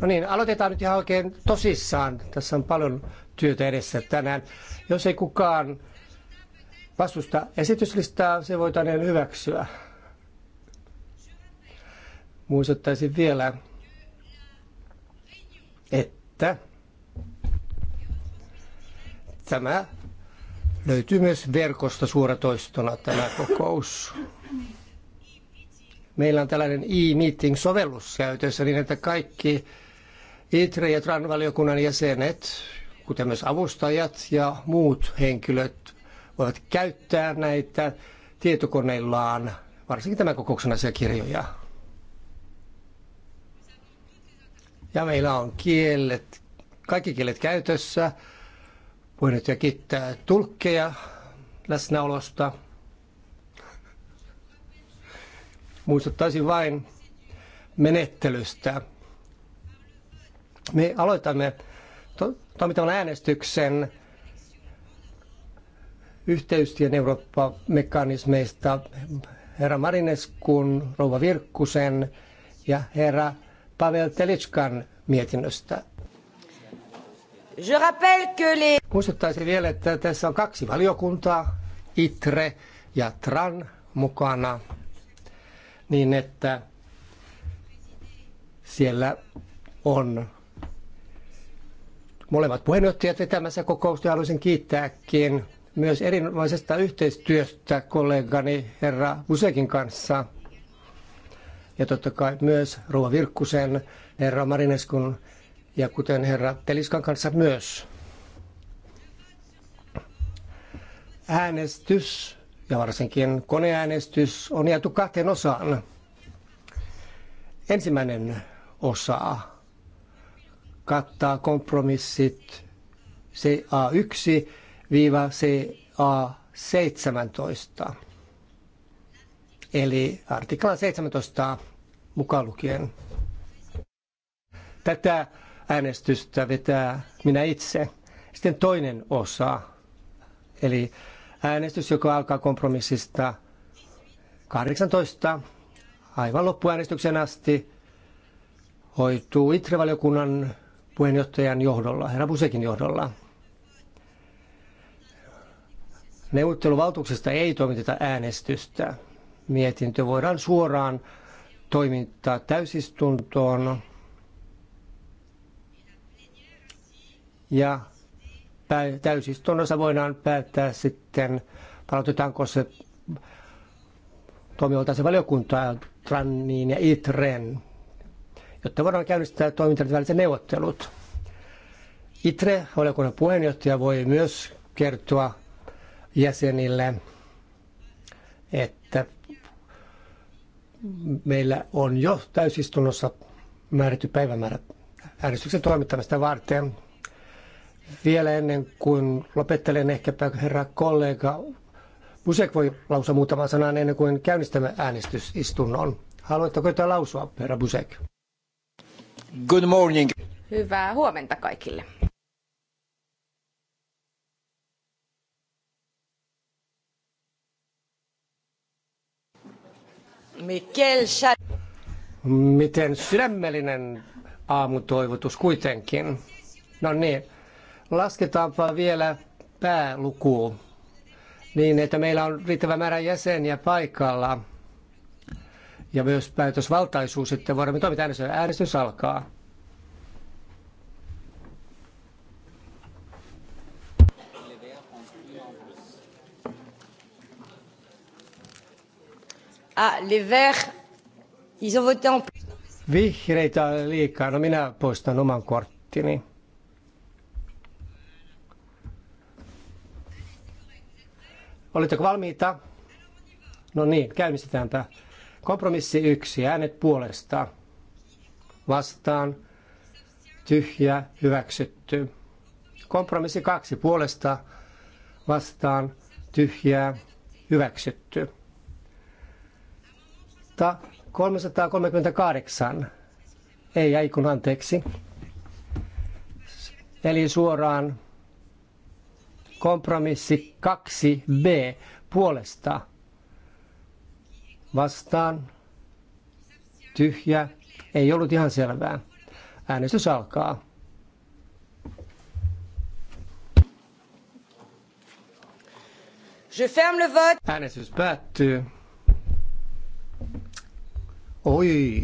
No niin, aloitetaan nyt ihan oikein tosissaan. Tässä on paljon työtä edessä tänään. Jos ei kukaan vastusta esityslistaa, se voitaneen hyväksyä. Muistuttaisin vielä, että tämä löytyy myös verkosta suoratoistona tämä kokous meillä on tällainen e-meeting-sovellus käytössä niin, että kaikki ITRE- ja TRAN-valiokunnan jäsenet, kuten myös avustajat ja muut henkilöt, voivat käyttää näitä tietokoneillaan, varsinkin tämän kokouksen asiakirjoja. Ja meillä on kielet, kaikki kielet käytössä. Voin nyt jo kiittää tulkkeja läsnäolosta. Muistuttaisin vain menettelystä. Me aloitamme toimittavan äänestyksen yhteystien Eurooppa-mekanismeista herra Marineskun, rouva Virkkusen ja herra Pavel Telitskan mietinnöstä. Je que les... Muistuttaisin vielä, että tässä on kaksi valiokuntaa, ITRE ja TRAN mukana niin että siellä on molemmat puheenjohtajat vetämässä kokousta. Haluaisin kiittääkin myös erinomaisesta yhteistyöstä kollegani herra Usekin kanssa. Ja totta kai myös Ruo Virkkusen, herra Marineskun ja kuten herra Teliskan kanssa myös. Äänestys ja varsinkin koneäänestys on jaettu kahteen osaan. Ensimmäinen osa kattaa kompromissit CA1-CA17, eli artiklan 17 mukaan lukien. Tätä äänestystä vetää minä itse. Sitten toinen osa, eli äänestys, joka alkaa kompromissista 18 aivan loppuäänestyksen asti, hoituu Itrevaliokunnan puheenjohtajan johdolla, herra Busekin johdolla. Neuvotteluvaltuuksesta ei toimiteta äänestystä. Mietintö voidaan suoraan toimittaa täysistuntoon ja täysistunnossa voidaan päättää sitten, palautetaanko se toimivaltaisen valiokunta Tranniin ja ITREN, jotta voidaan käynnistää väliset neuvottelut. ITRE, valiokunnan puheenjohtaja, voi myös kertoa jäsenille, että meillä on jo täysistunnossa määrätty päivämäärä äänestyksen toimittamista varten vielä ennen kuin lopettelen ehkäpä herra kollega Busek voi lausua muutaman sanan ennen kuin käynnistämme äänestysistunnon. Haluatteko jotain lausua, herra Busek? Good morning. Hyvää huomenta kaikille. Mikkel Miten sydämellinen aamutoivotus kuitenkin. No niin, Lasketaanpa vielä pääluku niin, että meillä on riittävä määrä jäseniä paikalla ja myös päätösvaltaisuus, että voidaan toimita äänestys. Äänestys alkaa. Ah, les verts, ils ont voté en... Vihreitä on liikaa. No minä poistan oman korttini. Oletteko valmiita? No niin, käynnistetäänpä. Kompromissi yksi, äänet puolesta. Vastaan, tyhjä, hyväksytty. Kompromissi kaksi, puolesta, vastaan, tyhjää, hyväksytty. Ta 338, ei ei kun anteeksi. Eli suoraan Kompromissi 2b puolesta vastaan tyhjä. Ei ollut ihan selvää. Äänestys alkaa. Je ferme le vote. Äänestys päättyy. Oi,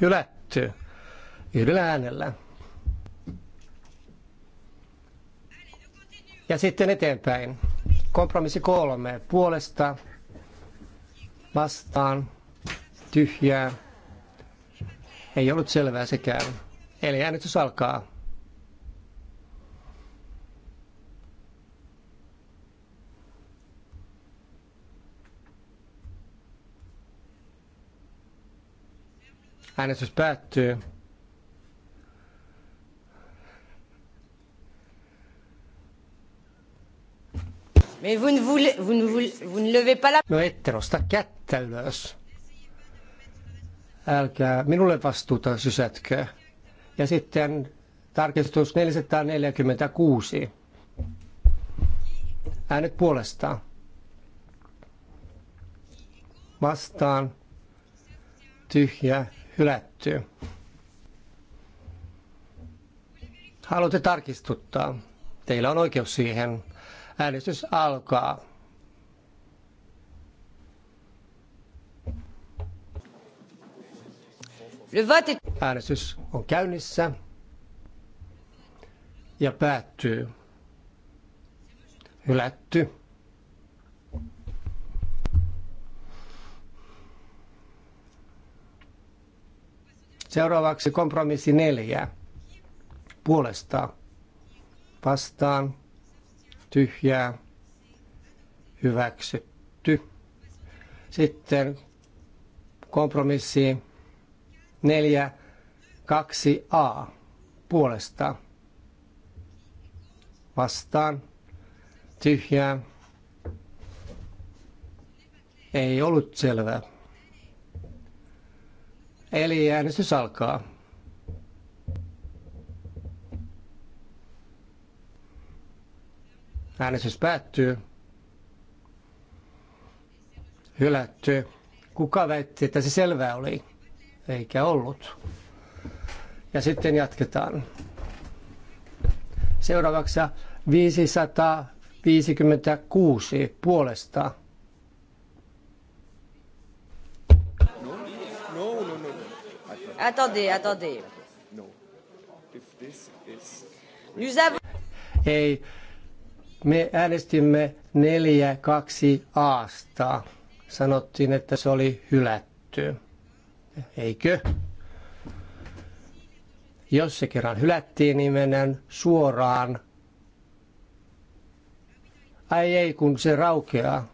hylätty. Yhdellä äänellä. Ja sitten eteenpäin. Kompromissi kolme. Puolesta vastaan tyhjää. Ei ollut selvää sekään. Eli äänestys alkaa. Äänestys päättyy. Mais vous ne voulez, vous ne voulez, vous ne levez pas la... No ette nosta kättä ylös. Älkää minulle vastuuta sysätkö. Ja sitten tarkistus 446. Äänet puolestaan. Vastaan. Tyhjä. Hylätty. Haluatte tarkistuttaa. Teillä on oikeus siihen. Äänestys alkaa. Äänestys on käynnissä ja päättyy. Hylätty. Seuraavaksi kompromissi neljä. Puolesta vastaan tyhjää, hyväksytty. Sitten kompromissi 42 a puolesta vastaan tyhjää. Ei ollut selvää. Eli äänestys alkaa. Äänestys päättyy. Hylätty. Kuka väitti, että se selvää oli? Eikä ollut. Ja sitten jatketaan. Seuraavaksi 556 puolesta. Attendez, attendez. No, no, no. Nous avons... Ei, me äänestimme 4-2 aasta. Sanottiin, että se oli hylätty. Eikö? Jos se kerran hylättiin, niin mennään suoraan. Ai ei, kun se raukeaa.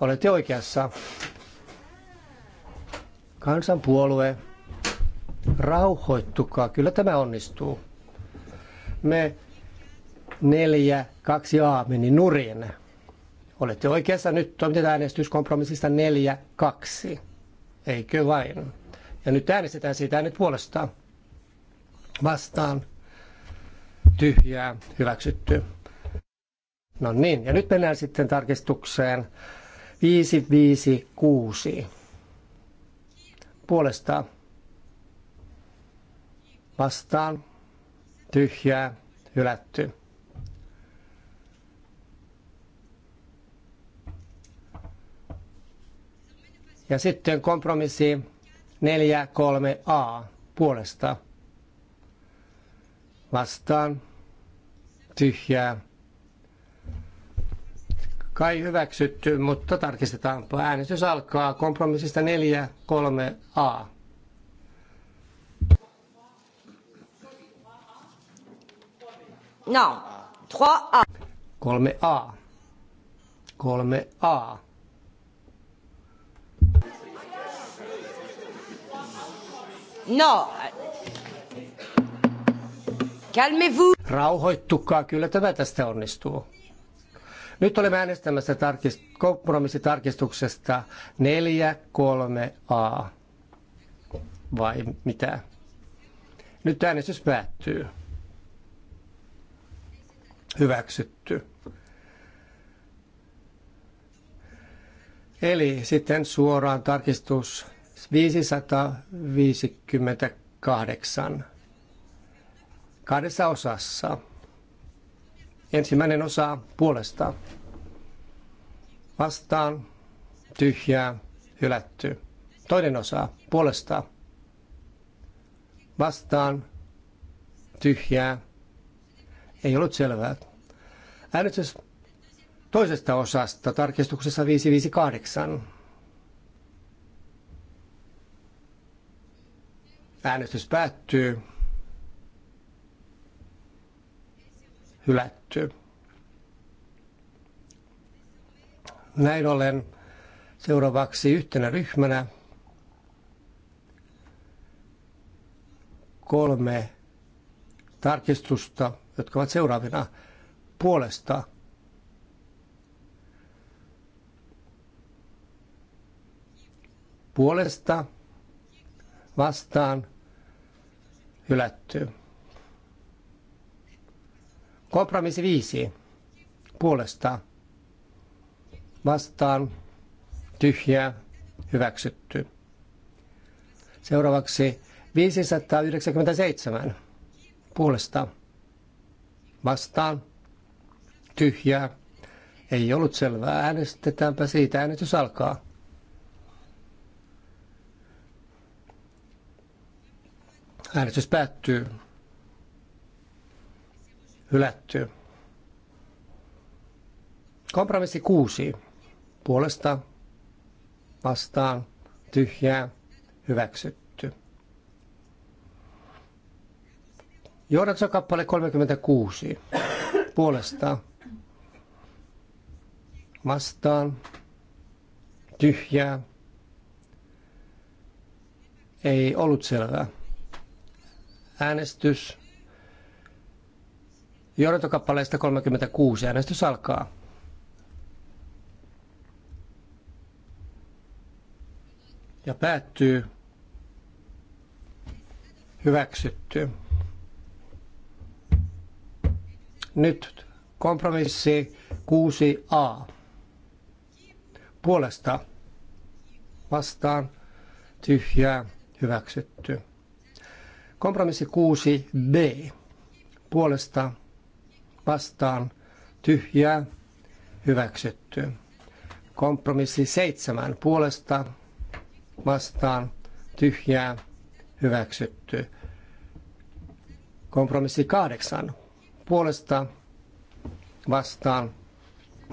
Olette oikeassa. Kansanpuolue, rauhoittukaa, kyllä tämä onnistuu. Me 4, 2 A meni nurin. Olette oikeassa, nyt toimitetaan äänestyskompromissista 4, 2. Eikö vain? Ja nyt äänestetään siitä äänet puolestaan. Vastaan. Tyhjää. Hyväksytty. No niin, ja nyt mennään sitten tarkistukseen 5, 5, 6. Puolestaan. Vastaan. Tyhjää. Hylätty. Ja sitten kompromissi 43a puolesta vastaan tyhjää. Kai hyväksytty, mutta tarkistetaanpa. Äänestys alkaa kompromissista 43a. No, 3A. 3A. 3A. No. Calmez-vous. Rauhoittukaa, kyllä tämä tästä onnistuu. Nyt olemme äänestämässä tarkist- kompromissitarkistuksesta 4.3a. Vai mitä? Nyt äänestys päättyy. Hyväksytty. Eli sitten suoraan tarkistus 558 kahdessa osassa. Ensimmäinen osa puolesta. Vastaan, tyhjää, hylätty. Toinen osa puolesta. Vastaan, tyhjää. Ei ollut selvää. Äänestys toisesta osasta tarkistuksessa 558. Äänestys päättyy. Hylätty. Näin ollen seuraavaksi yhtenä ryhmänä kolme tarkistusta, jotka ovat seuraavina puolesta. Puolesta vastaan hylätty. Kompromissi viisi puolesta vastaan tyhjää hyväksytty. Seuraavaksi 597 puolesta vastaan tyhjää. Ei ollut selvää. Äänestetäänpä siitä. Äänestys alkaa. Äänestys päättyy. Hylätty. Kompromissi kuusi. Puolesta, vastaan, tyhjää, hyväksytty. Johdatson kappale 36. Puolesta, vastaan, tyhjää, ei ollut selvää äänestys. Johdantokappaleesta 36 äänestys alkaa. Ja päättyy. Hyväksytty. Nyt kompromissi 6a. Puolesta vastaan tyhjää hyväksytty. Kompromissi 6b puolesta vastaan tyhjää hyväksytty. Kompromissi 7 puolesta vastaan tyhjää hyväksytty. Kompromissi 8 puolesta vastaan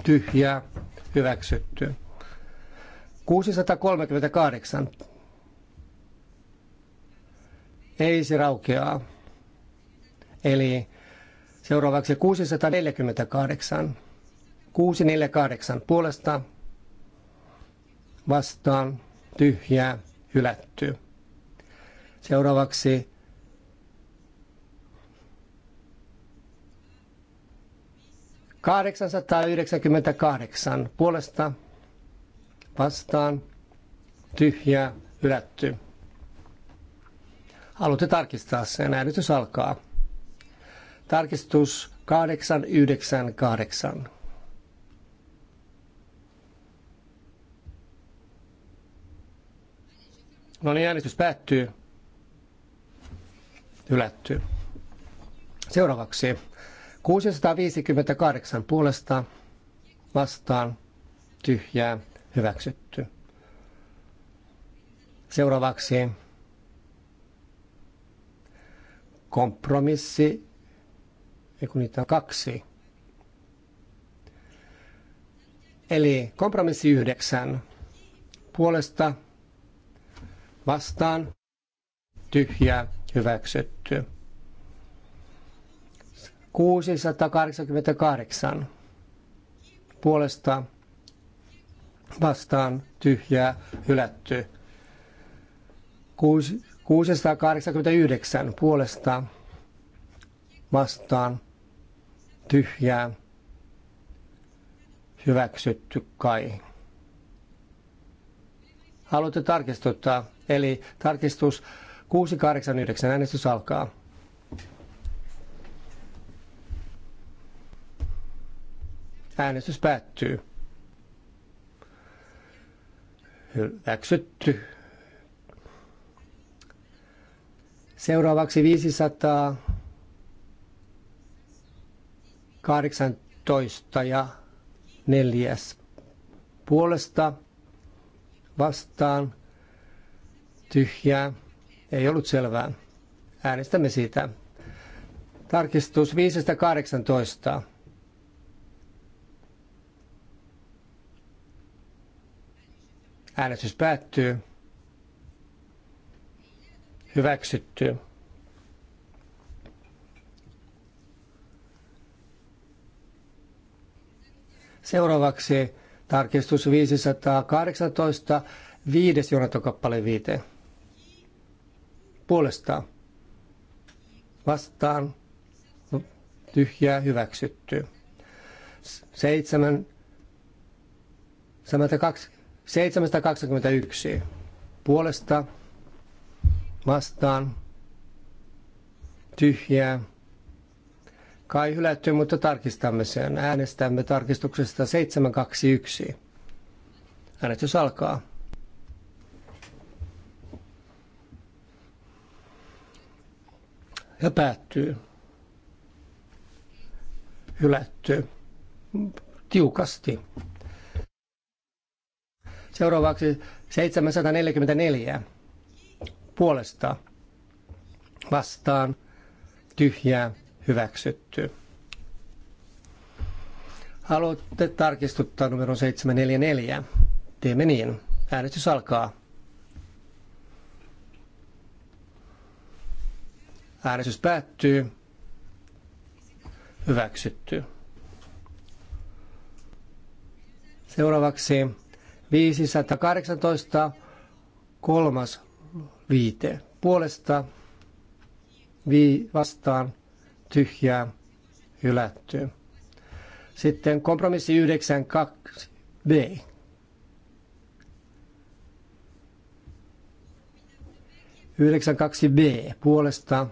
tyhjää hyväksytty. 638 ei se raukeaa. Eli seuraavaksi 648. 648 puolesta vastaan tyhjää hylätty. Seuraavaksi 898 puolesta vastaan tyhjää hylätty. Haluatte tarkistaa sen. Äänitys alkaa. Tarkistus 898. No niin, äänestys päättyy. Hylätty. Seuraavaksi 658 puolesta vastaan tyhjää hyväksytty. Seuraavaksi kompromissi, kun niitä on kaksi. Eli kompromissi yhdeksän. Puolesta vastaan tyhjä hyväksytty. 688 puolesta vastaan tyhjää hylätty. 6, 689 puolesta vastaan tyhjää hyväksytty kai. Haluatte tarkistuttaa, eli tarkistus 689 äänestys alkaa. Äänestys päättyy. Hyväksytty. Seuraavaksi 518 ja neljäs puolesta vastaan tyhjää. Ei ollut selvää. Äänestämme siitä. Tarkistus 518. Äänestys päättyy hyväksytty. Seuraavaksi tarkistus 518, viides jonotokappale viite. Puolestaan. Vastaan. Tyhjää hyväksytty. 7, 721. Puolesta vastaan tyhjää. Kai hylätty, mutta tarkistamme sen. Äänestämme tarkistuksesta 721. Äänestys alkaa. Ja päättyy. Hylätty. Tiukasti. Seuraavaksi 744 puolesta vastaan tyhjää hyväksytty. Haluatte tarkistuttaa numero 744. Teemme niin. Äänestys alkaa. Äänestys päättyy. Hyväksytty. Seuraavaksi 518 kolmas viite puolesta vii vastaan tyhjää hylättyä. Sitten kompromissi 92b. Yhdeksän kaksi B puolesta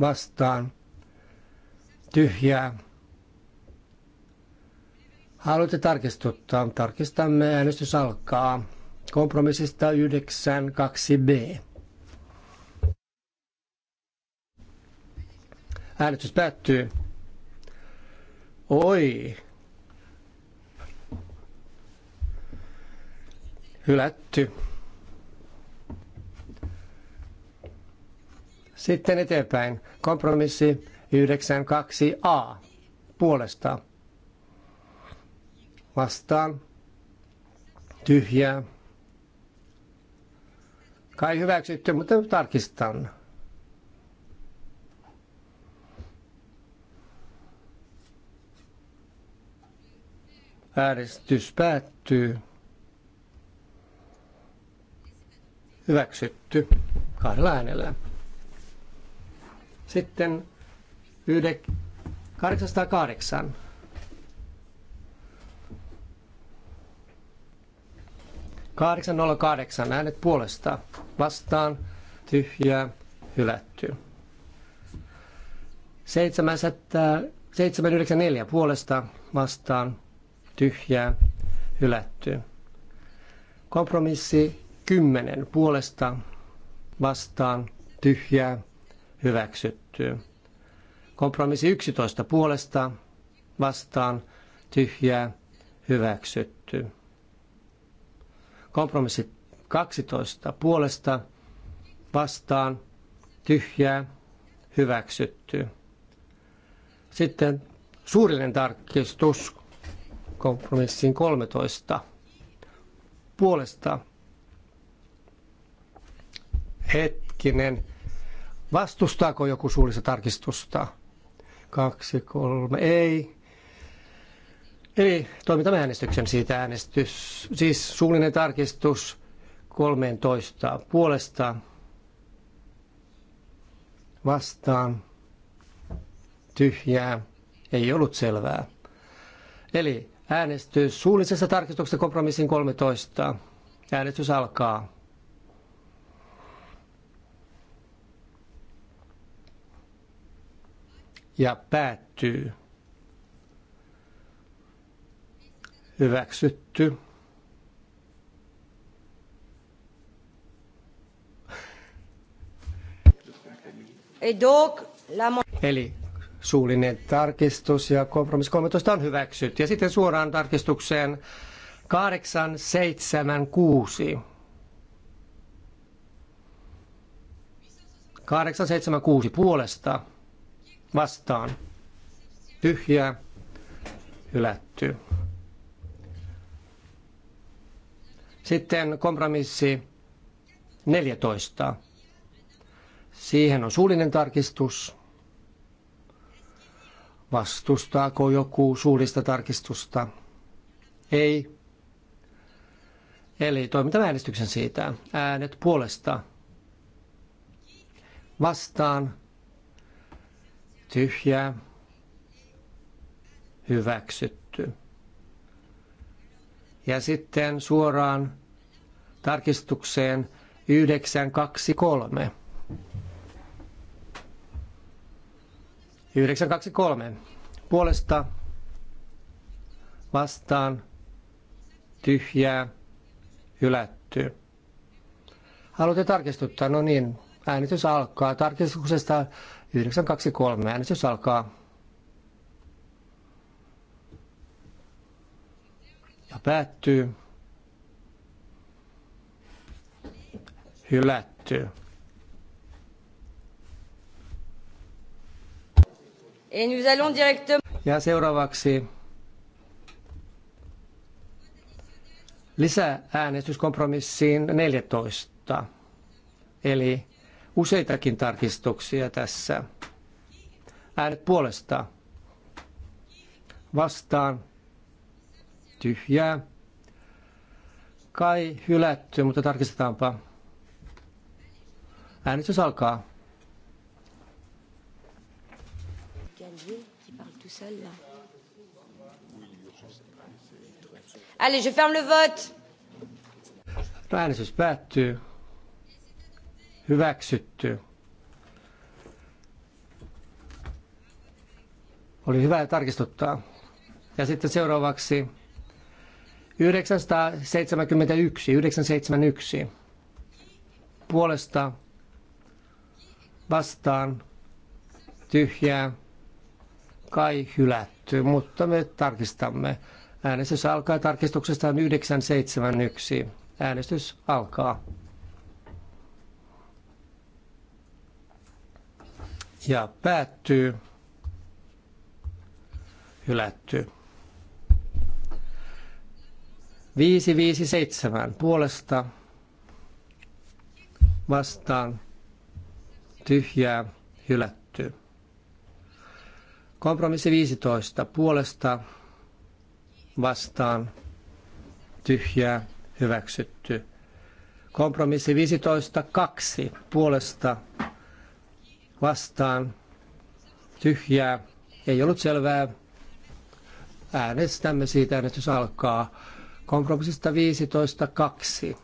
vastaan tyhjää. Haluatte tarkistuttaa? Tarkistamme. Äänestys alkaa kompromissista 92b. Äänestys päättyy. Oi. Hylätty. Sitten eteenpäin. Kompromissi 92a. Puolesta. Vastaan. Tyhjää Kai hyväksytty, mutta tarkistan. Äänestys päättyy. Hyväksytty kahdella äänellä. Sitten 808. 808 äänet puolesta vastaan tyhjää hylätty. 794 puolesta vastaan tyhjää hylätty. Kompromissi 10 puolesta vastaan tyhjää hyväksytty. Kompromissi 11 puolesta vastaan tyhjää hyväksytty. Kompromissi 12 puolesta vastaan tyhjää hyväksytty. Sitten suurinen tarkistus kompromissiin 13 puolesta hetkinen. Vastustaako joku suullista tarkistusta? Kaksi, kolme, ei. Eli toimitamme äänestyksen siitä äänestys, siis suullinen tarkistus 13 puolesta vastaan tyhjää, ei ollut selvää. Eli äänestys suullisessa tarkistuksessa kompromissin 13. Äänestys alkaa. Ja päättyy. hyväksytty. Eli suullinen tarkistus ja kompromissi 13 on hyväksytty. Ja sitten suoraan tarkistukseen 876. 876 puolesta vastaan. Tyhjää, hylätty. Sitten kompromissi 14. Siihen on suullinen tarkistus. Vastustaako joku suullista tarkistusta? Ei. Eli toimitan äänestyksen siitä. Äänet puolesta. Vastaan. Tyhjää. Hyväksytty. Ja sitten suoraan tarkistukseen 923. 923. Puolesta vastaan tyhjää hylätty. Haluatte tarkistuttaa? No niin, äänitys alkaa. Tarkistuksesta 923 Äänitys alkaa. päättyy. Hylätty. Ja seuraavaksi lisääänestyskompromissiin 14. Eli useitakin tarkistuksia tässä. Äänet puolesta vastaan tyhjää. Kai hylätty, mutta tarkistetaanpa. Äänestys alkaa. Allez, je ferme le vote. Äänestys päättyy. Hyväksytty. Oli hyvä tarkistuttaa. Ja sitten seuraavaksi 971, 971 puolesta vastaan tyhjää kai hylätty, mutta me tarkistamme. Äänestys alkaa tarkistuksesta 971. Äänestys alkaa. Ja päättyy. Hylätty. 557 puolesta vastaan tyhjää hylätty. Kompromissi 15 puolesta vastaan tyhjää hyväksytty. Kompromissi 15 2 puolesta vastaan tyhjää. Ei ollut selvää. Äänestämme siitä. Äänestys alkaa. Kompromissista 15.2.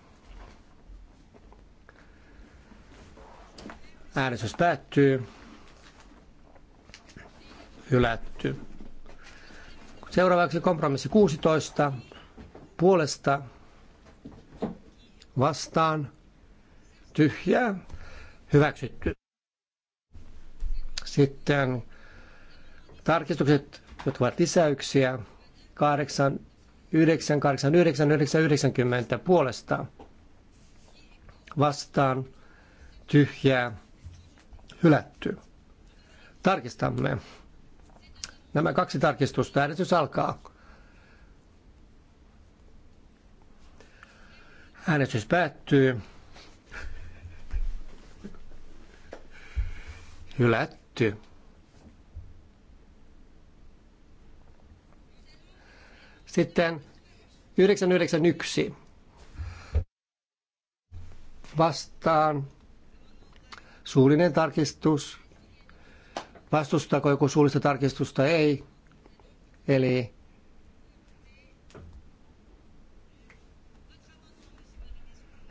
Äänestys päättyy. Hylätty. Seuraavaksi kompromissi 16. Puolesta vastaan tyhjää hyväksytty. Sitten tarkistukset, jotka ovat lisäyksiä. 8, 98990 puolesta vastaan tyhjää hylätty. Tarkistamme. Nämä kaksi tarkistusta. Äänestys alkaa. Äänestys päättyy. Hylätty. Sitten 991 vastaan suullinen tarkistus. Vastustaako joku suullista tarkistusta? Ei. Eli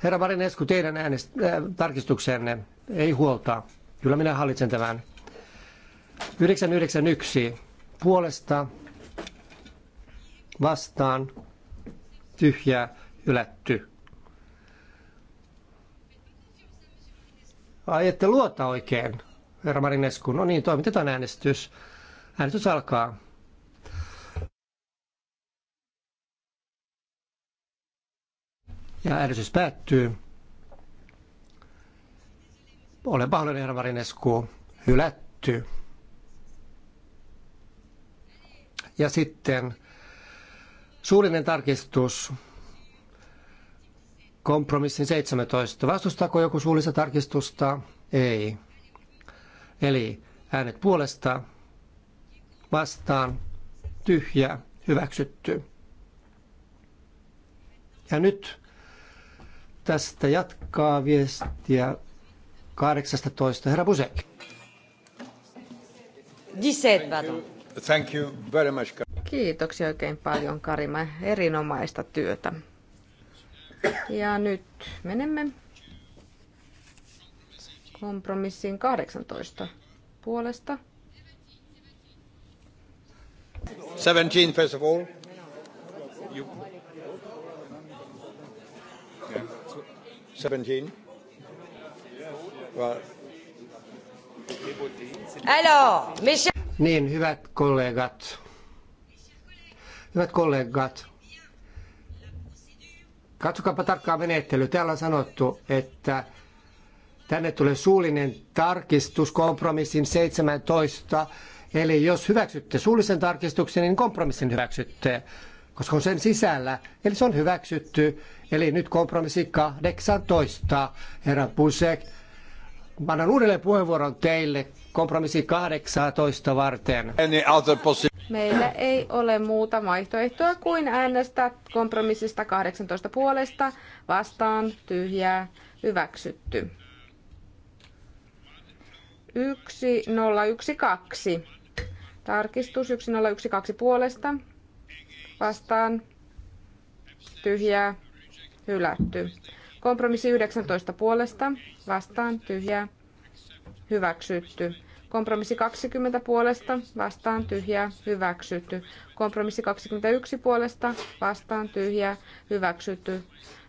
Herra Marinesku, teidän äänest- äh, tarkistuksenne ei huolta. Kyllä minä hallitsen tämän. 991 puolesta vastaan tyhjä ylätty. Ai ette luota oikein, herra Marinescu. No niin, toimitetaan äänestys. Äänestys alkaa. Ja äänestys päättyy. Olen pahoin herra Marinescu. Hylätty. Ja sitten Suullinen tarkistus. Kompromissin 17. Vastustaako joku suullista tarkistusta? Ei. Eli äänet puolesta, vastaan, tyhjä, hyväksytty. Ja nyt tästä jatkaa viestiä 18. Herra Busek. 17, you. Thank you very much. Kiitoksia oikein paljon Karima, erinomaista työtä. Ja nyt menemme kompromissiin 18 puolesta. 17 first of all. You... 17. Well. Alors, mes... Niin, hyvät kollegat, Hyvät kollegat, katsokaapa tarkkaa menettely. Täällä on sanottu, että tänne tulee suullinen tarkistus kompromissin 17. Eli jos hyväksytte suullisen tarkistuksen, niin kompromissin hyväksytte, koska on sen sisällä. Eli se on hyväksytty. Eli nyt kompromissi 18. Herra Pusek, Mä annan uudelleen puheenvuoron teille kompromissi 18 varten. Meillä ei ole muuta vaihtoehtoa kuin äänestää kompromissista 18 puolesta vastaan tyhjää hyväksytty. 1012. Tarkistus 1012 puolesta vastaan tyhjää hylätty. Kompromissi 19 puolesta, vastaan, tyhjää, hyväksytty. Kompromissi 20 puolesta, vastaan tyhjää, hyväksytty. Kompromissi 21 puolesta, vastaan tyhjää, hyväksytty.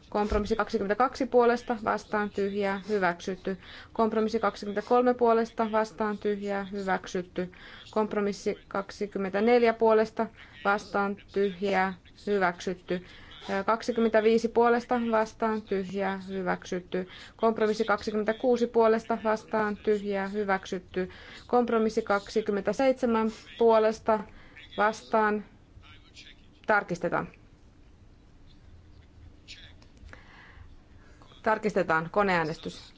Kompromissi 22 puolesta, vastaan tyhjää, hyväksytty. Kompromissi 23 puolesta, vastaan tyhjää, hyväksytty. Kompromissi 24 puolesta, vastaan tyhjää, hyväksytty. 25 puolesta vastaan tyhjää hyväksytty. Kompromissi 26 puolesta vastaan tyhjää hyväksytty. Kompromissi 27 puolesta vastaan tarkistetaan. Tarkistetaan koneäänestys.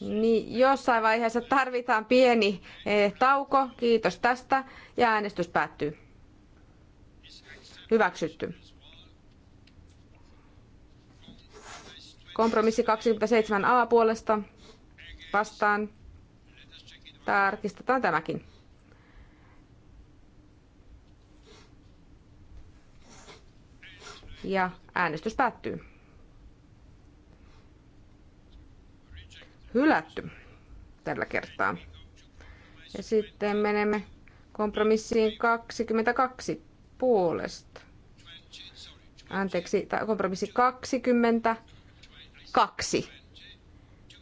Niin jossain vaiheessa tarvitaan pieni eh, tauko. Kiitos tästä. Ja äänestys päättyy. Hyväksytty. Kompromissi 27a puolesta vastaan. Tarkistetaan tämäkin. Ja äänestys päättyy. Hylätty tällä kertaa. Ja sitten menemme kompromissiin 22 puolesta. Anteeksi, kompromissi 20 kaksi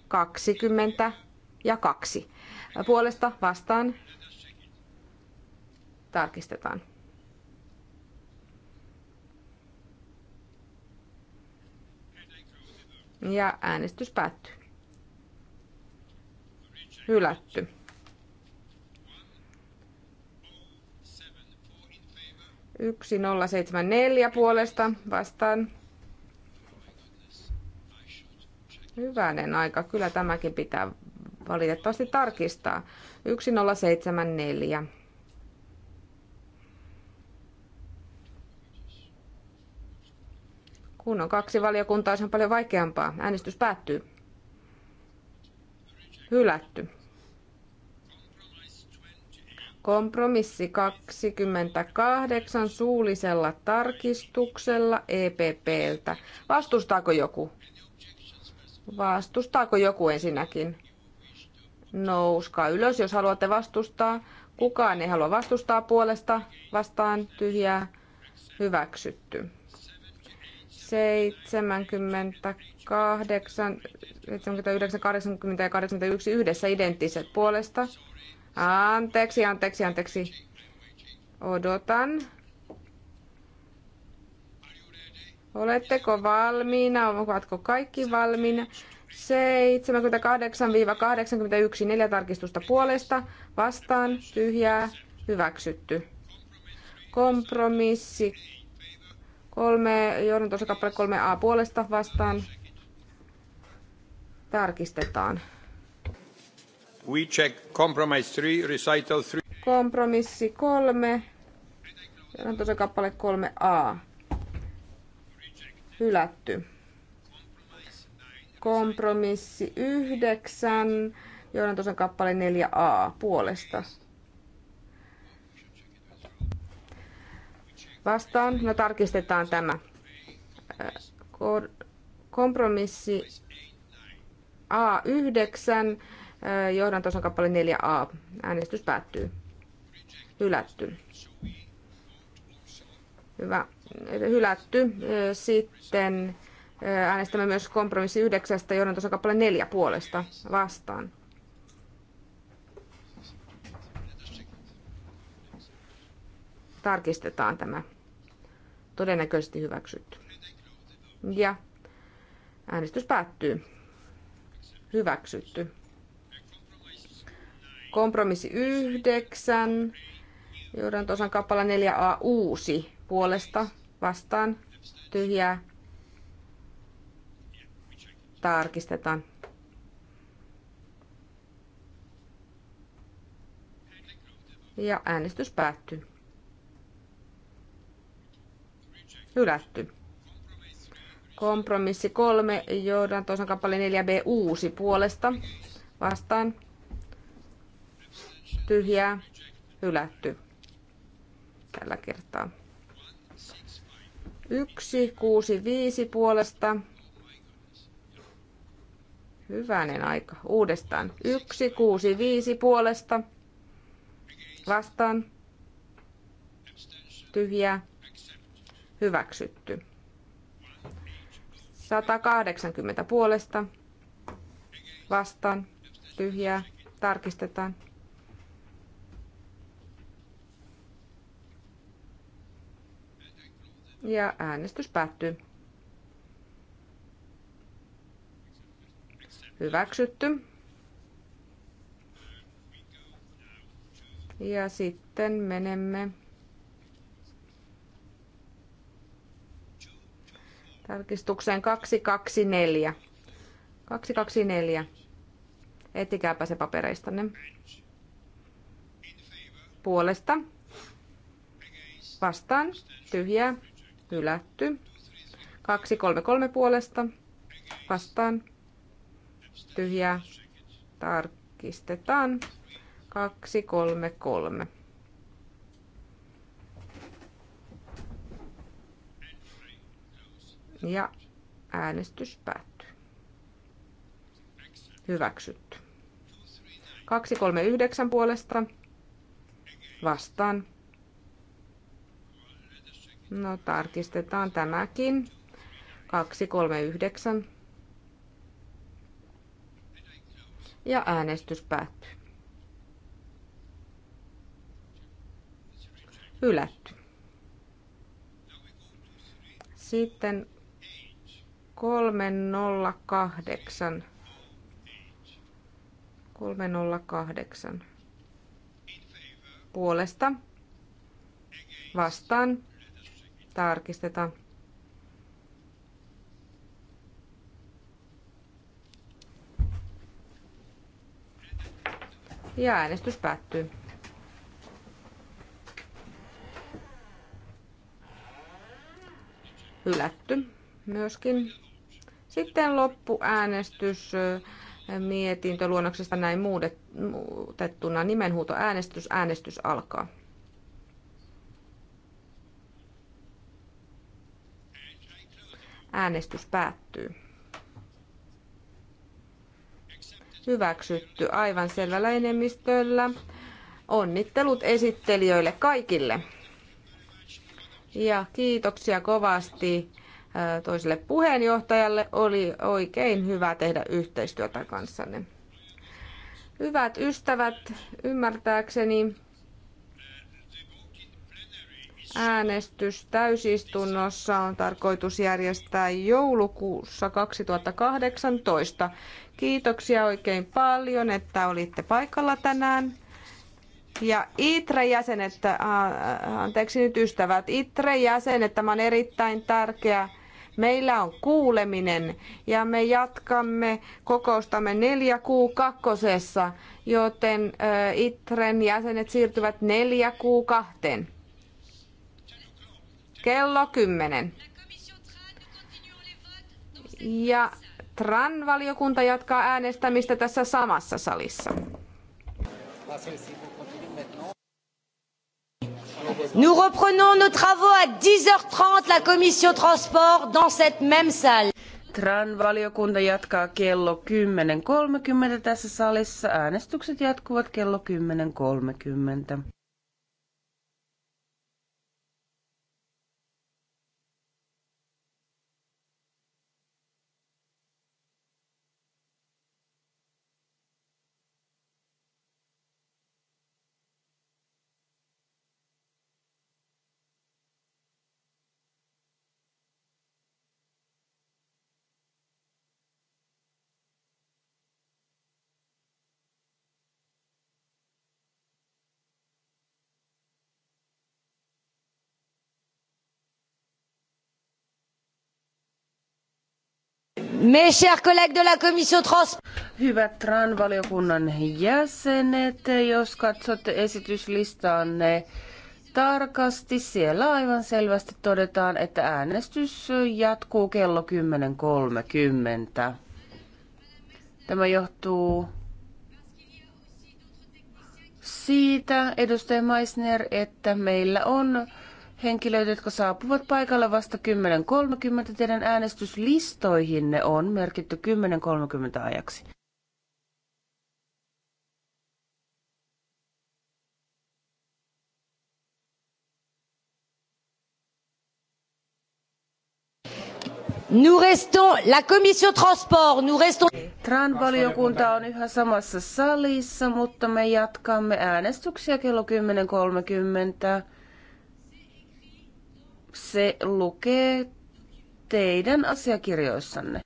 20 ja kaksi Puolesta vastaan tarkistetaan. Ja äänestys päättyy. Hylätty. Yksi nolla seitsemän neljä puolesta vastaan Hyvänen aika, kyllä tämäkin pitää valitettavasti tarkistaa. 1074. Kun on kaksi valiokuntaa, se on paljon vaikeampaa. Äänestys päättyy. Hylätty. Kompromissi 28 suullisella tarkistuksella EPPltä. Vastustaako joku? Vastustaako joku ensinnäkin? Nouskaa ylös, jos haluatte vastustaa. Kukaan ei halua vastustaa puolesta. Vastaan tyhjää. Hyväksytty. 78, 79, 80 ja 81 yhdessä identtiset puolesta. Anteeksi, anteeksi, anteeksi. Odotan. Oletteko valmiina? Ovatko kaikki valmiina? 78-81, neljä tarkistusta puolesta, vastaan, tyhjää, hyväksytty. Kompromissi, kolme, johdon tuossa kappale 3a puolesta, vastaan, tarkistetaan. We check compromise 3, recital 3. Kompromissi 3, johdon tuossa kappale 3a hylätty. Kompromissi 9, joiden tuossa kappale 4a puolesta. Vastaan. No tarkistetaan tämä. Kompromissi A9, johdan tuossa kappale 4a. Äänestys päättyy. Hylätty. Hyvä hylätty. Sitten äänestämme myös kompromissi yhdeksästä, johon tuossa kappale neljä puolesta vastaan. Tarkistetaan tämä. Todennäköisesti hyväksytty. Ja äänestys päättyy. Hyväksytty. Kompromissi 9, johdantosan kappala 4a uusi puolesta vastaan tyhjää tarkistetaan. Ja äänestys päättyy. Hylätty. Kompromissi 3, johdan toisen kappale 4b uusi puolesta. Vastaan. Tyhjää. Hylätty. Tällä kertaa. Yksi, kuusi, viisi puolesta. Hyvänen aika. Uudestaan. Yksi, kuusi, viisi puolesta. Vastaan. tyhjä Hyväksytty. 180 puolesta. Vastaan. Tyhjää. Tarkistetaan. Ja äänestys päättyy. Hyväksytty. Ja sitten menemme tarkistukseen 224. 224. Etikääpä se papereistanne. Puolesta. Vastaan. Tyhjää hylätty. 233 puolesta vastaan tyhjää tarkistetaan. 233. Ja äänestys päättyy. Hyväksytty. 239 puolesta vastaan No tarkistetaan tämäkin. 239. Ja äänestys päättyy. Hylätty. Sitten 308. 308. Puolesta. Vastaan tarkisteta. Ja äänestys päättyy. Hylätty myöskin. Sitten loppuäänestys äh, mietintöluonnoksesta näin muutettuna nimenhuutoäänestys. Äänestys alkaa. Äänestys päättyy. Hyväksytty aivan selvällä enemmistöllä. Onnittelut esittelijöille kaikille. Ja kiitoksia kovasti toiselle puheenjohtajalle. Oli oikein hyvä tehdä yhteistyötä kanssanne. Hyvät ystävät, ymmärtääkseni Äänestys täysistunnossa on tarkoitus järjestää joulukuussa 2018. Kiitoksia oikein paljon, että olitte paikalla tänään. Ja ITRE-jäsenet, äh, anteeksi nyt ystävät, ITRE-jäsenet, tämä on erittäin tärkeä Meillä on kuuleminen ja me jatkamme kokoustamme 4 kuu kakkosessa, joten äh, ITREn jäsenet siirtyvät 4 kuu kahteen kello 10. Ja TRAN-valiokunta jatkaa äänestämistä tässä samassa salissa. Nous reprenons nos travaux à 10h30, la commission transport, dans cette même salle. TRAN-valiokunta jatkaa kello 10.30 tässä salissa. Äänestykset jatkuvat kello 10.30. Mes chers collègues de la commission trans... Hyvät TRAN-valiokunnan jäsenet, jos katsotte esityslistanne, tarkasti, siellä aivan selvästi todetaan, että äänestys jatkuu kello 10.30. Tämä johtuu siitä, edustaja Meissner, että meillä on henkilöitä, jotka saapuvat paikalle vasta 10.30. Teidän äänestyslistoihinne on merkitty 10.30 ajaksi. Nous restons, la commission transport, nous restons... Tran-valiokunta on yhä samassa salissa, mutta me jatkamme äänestyksiä kello 10.30. Se lukee teidän asiakirjoissanne.